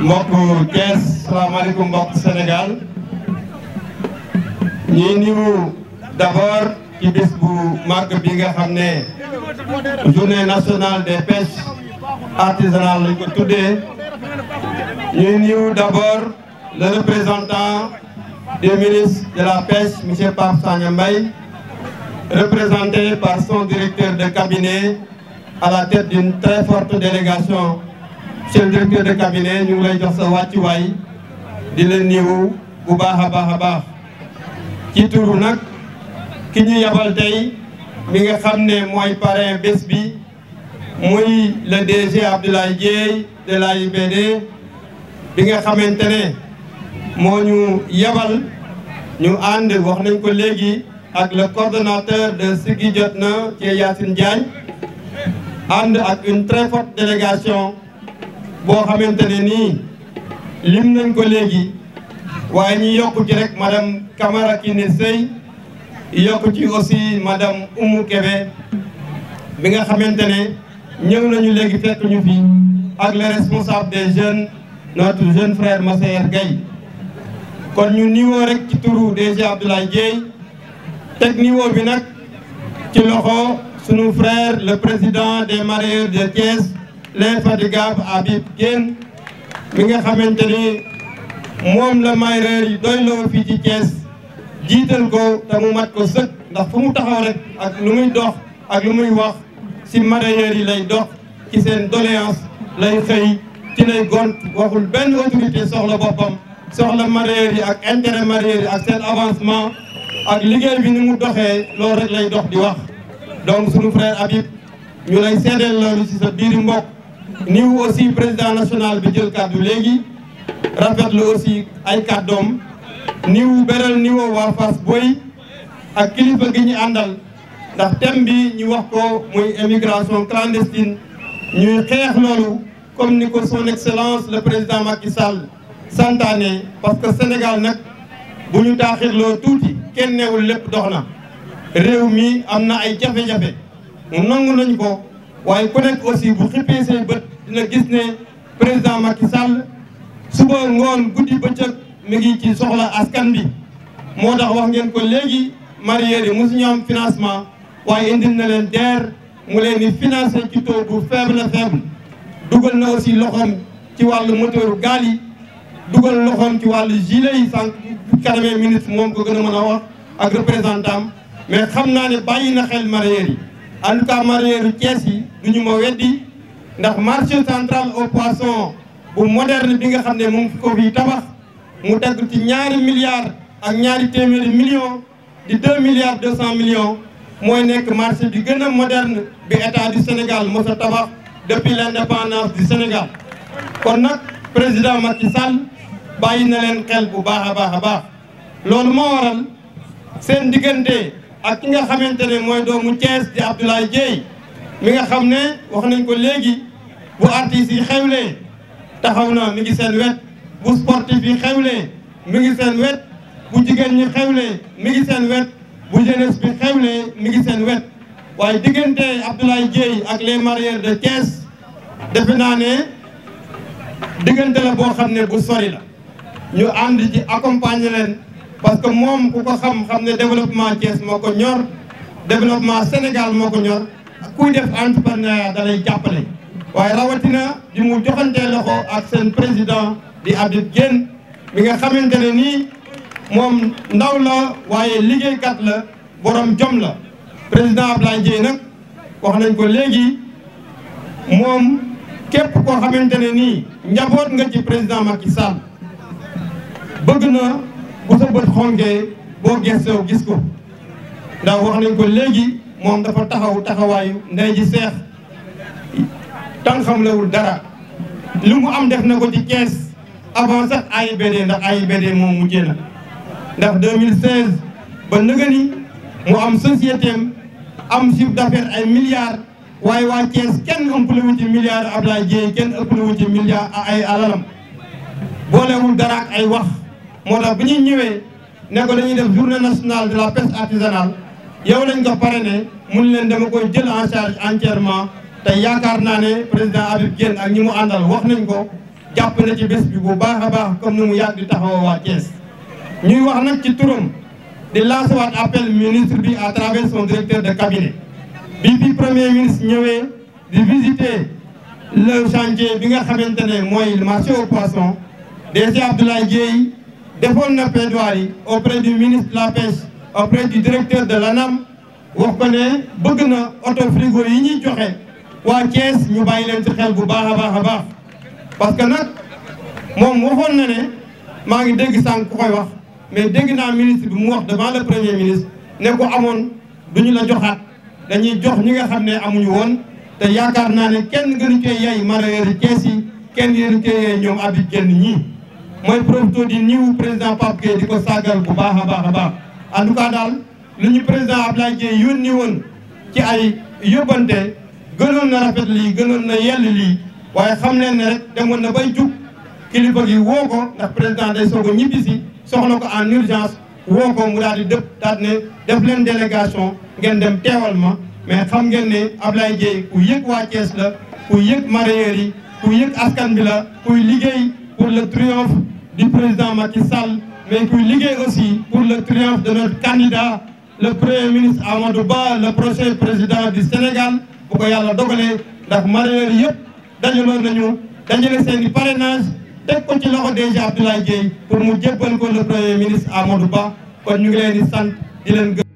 mbokku Thiès salaamaaleykum mbokku Sénégal ñuy niwu d'abord ci bu màgg bi nga xam ne journée nationale des pêches artisanales lañ ko tuddee ñuy niwu le représentant du ministre de la Pêche, M. Pape Sanyambay, représenté par son directeur de cabinet à la tête d'une très forte délégation. Monsieur le directeur lay jox sa voulons di ça, Watiwai, bu Niou, Bouba baax Haba. Qui tourne, qui nous y a mi nga xam ne mooy parrain bés bi muy le DG Abdoulaye Dieye de l'AIBD bi nga xamante ne moo ñu yabal ñu ànd wax nañ ko léegi ak le coordonnateur de Siggi na ci Yacine Diagne ànd ak une très forte délégation boo xamante ne nii lim nañ ko léegi waaye ñu yokk ci rek madame Camara Kine Sey yokk ci aussi madame Oumou Kébé bi nga xamante ne ñëw nañu léegi fekk ñu fi ak le responsable des jeunes notre jeune frère Massaer Gueye kon ñu niveau rek ci turu DG Abdoulaye Dièye teg niveau bi nag ci loxo sunu frère le président des mareyeurs de Thiès l'infatigable Habib Diène mi nga xamante ne moom la mareyeurs yi doy loo fii ci Thiès jiital ko te mu mat ko sëkk ndax fu mu taxaw rek ak lu muy dox ak lu muy wax si mareyeurs yi lay dox ci seen doléance lay xëy ci lay gont waxul benn autorité soxla boppam soxla mareyeur yi ak intérêt mareyeur yi ak seen avancement ak liggéey bi ni mu doxee loolu rek lay dox di wax donc sunu frère Habib ñu lay seedeel loolu ci sa biir mbokk niw aussi président national bi jël kàddu léegi rafetlu aussi ay kàddoom niw beral niwo waa Fass Boy ak kilifa gi ñu àndal ndax thème bi ñu wax ko muy immigration clandestine ñuy xeex loolu comme ko son excellence le président Macky Sall santaane parce que Sénégal nag bu ñu loo tuuti kenn newul lépp dox na réew mi am na ay jafe-jafe mu nangu nañ ko waaye ku nekk aussi bu xippee seen bët dina gis ne président Macky Sall suba ngoon guddi bëccëg mi ngi ci soxla askan bi moo tax wax ngeen ko léegi mareyeurs yi mosuñu am financement waaye indil na leen DER mu leen di financé ci taux bu faible na faible dugal na aussi loxoom ci wàllu moteuru gaal yi dugal loxoom ci wàllu gilet yi sànq kanamee ministre moom ko gën mën a wax ak représentant mais xam naa ne bàyyi na xel mareyeurs yi en tout cas mareyeurs yu Thiès yi du ñu ma weddi ndax marché central au poisson bu moderne bi nga xam ne mu ngi ko fi tabax mu dagg ci ñaari milliards ak ñaari téeméeri millions di deux milliards deux cent millions mooy nekk marché bi gën a moderne bi état du Sénégal mos tabax depuis l' indépendance du Sénégal kon nag président Macky Sall bàyyi na leen xel bu baax a baax a baax loolu moo waral seen diggante ak ki nga xamante ne mooy doomu Thiès di Abdoulaye Dieye mi nga xam ne wax nañ ko léegi bu artistes yi xewlee taxaw na mi ngi seen wet bu sportif yi xewlee mi ngi seen wet bu jigéen ñi xewlee seen wet bu jeunesse bi xewlee mi ngi seen wet waaye diggante Abdoulaye Dieye ak les marières de Thiès defe naa ne diggante la boo xam ne bu sori la ñu ànd ci accompagne leen parce que moom ku ko xam-xam ne développement Thiès moo ko ñor développement Sénégal moo ko ñor kuy def entrepreneuriat da lay jàppale waaye rawatina di mu joxantee loxo ak seen président di Habib Diène mi nga xamante ne nii moom ndaw la waaye liggéeykat la borom jom la président Abdoulaye Dièye nag wax nañ ko léegi moom képp koo xamante ne nii njaboot nga ci président Macky Sall bëgg na bu sa bët xongee boo gestoo gis ko ndax wax nañ ko léegi moom dafa taxaw taxawaayu ndey ji seex tan xamlewul dara li mu am def na ko ci kees avant sax AIBD ndax AIBD moom mujjee na ndax 2016 ba nëga ni mu am société am chiffre d'affaires ay milliards waaye waa Thiès kenn ëppalewu ci milliards Abdoulaye Dieye kenn ci milliards ay alalam boolewul dara ak ay wax moo tax bi ñuy ñëwee ne ko dañuy def journée nationale de la pêche artisanale yow lañ ko parrainé mun leen dama koy jël en charge entièrement te yaakaar naa ne président Habib Diène ak ñi mu àndal wax nañ ko jàpp na ci bés bi bu baax a baax comme nu mu yàgg di taxawoo ñuy wax nag ci turam di lancewaat appel ministre bi à travers son directeur de cabinet bi bi premier ministre ñëwee di visiter le chantier bi nga xamante ne mooy marché au poisson DG Abdoulaye Dièye defoon na yi auprès du ministre de la pêche auprès du directeur de l'ANAM wax ko ne bëgg na auto frigo yi ñuy joxe waa Thiès ñu bàyyi leen ci xel bu baax a baax a baax parce que nag moom waxoon na ne maa ngi dégg sànk ku koy wax mais dégg naa ministre bi mu wax devant le premier ministre ne ko amoon du ñu la joxaat dañuy jox ñi nga xam ne amuñu woon te yaakaar naa ne kenn gënu cee yay mareyeur yi Thiès yi kenn gënu cee yay ñoom abi génn ñii mooy profité di niw président Pape Gueye di ko sàggal bu baax a baax a baax en daal lu ñu président Abdoulaye Dieye yónni woon ci ay yóbbante gënoon na rafet lii gënoon na yell lii waaye xam leen ne rek demoon na bay jug kilifa gi woo ko ndax président day soog a ñibbisi soxla ko en urgence woo ko mu daal di dëpp daal ne def leen délégation ngeen dem teewal ma mais xam ngeen ne Abdoulaye Dieye ku yëg waa Thiès la ku yëg mareyeurs yi ku askan bi la kuy liggéey pour le triomphe du président Macky Sall mais kuy liggéey aussi pour le triomphe de notre candidat le premier ministre Amadou Ba le prochain président du Sénégal bu ko yàlla dogalee ndax mareyeurs yëpp dajaloon nañu dajale seeni i parrainage teg ko ci loxo DG Abdoulaye Dièye pour mu jébbal ko le premier ministre Amadou Ba kon ñu ngi leen sant di leen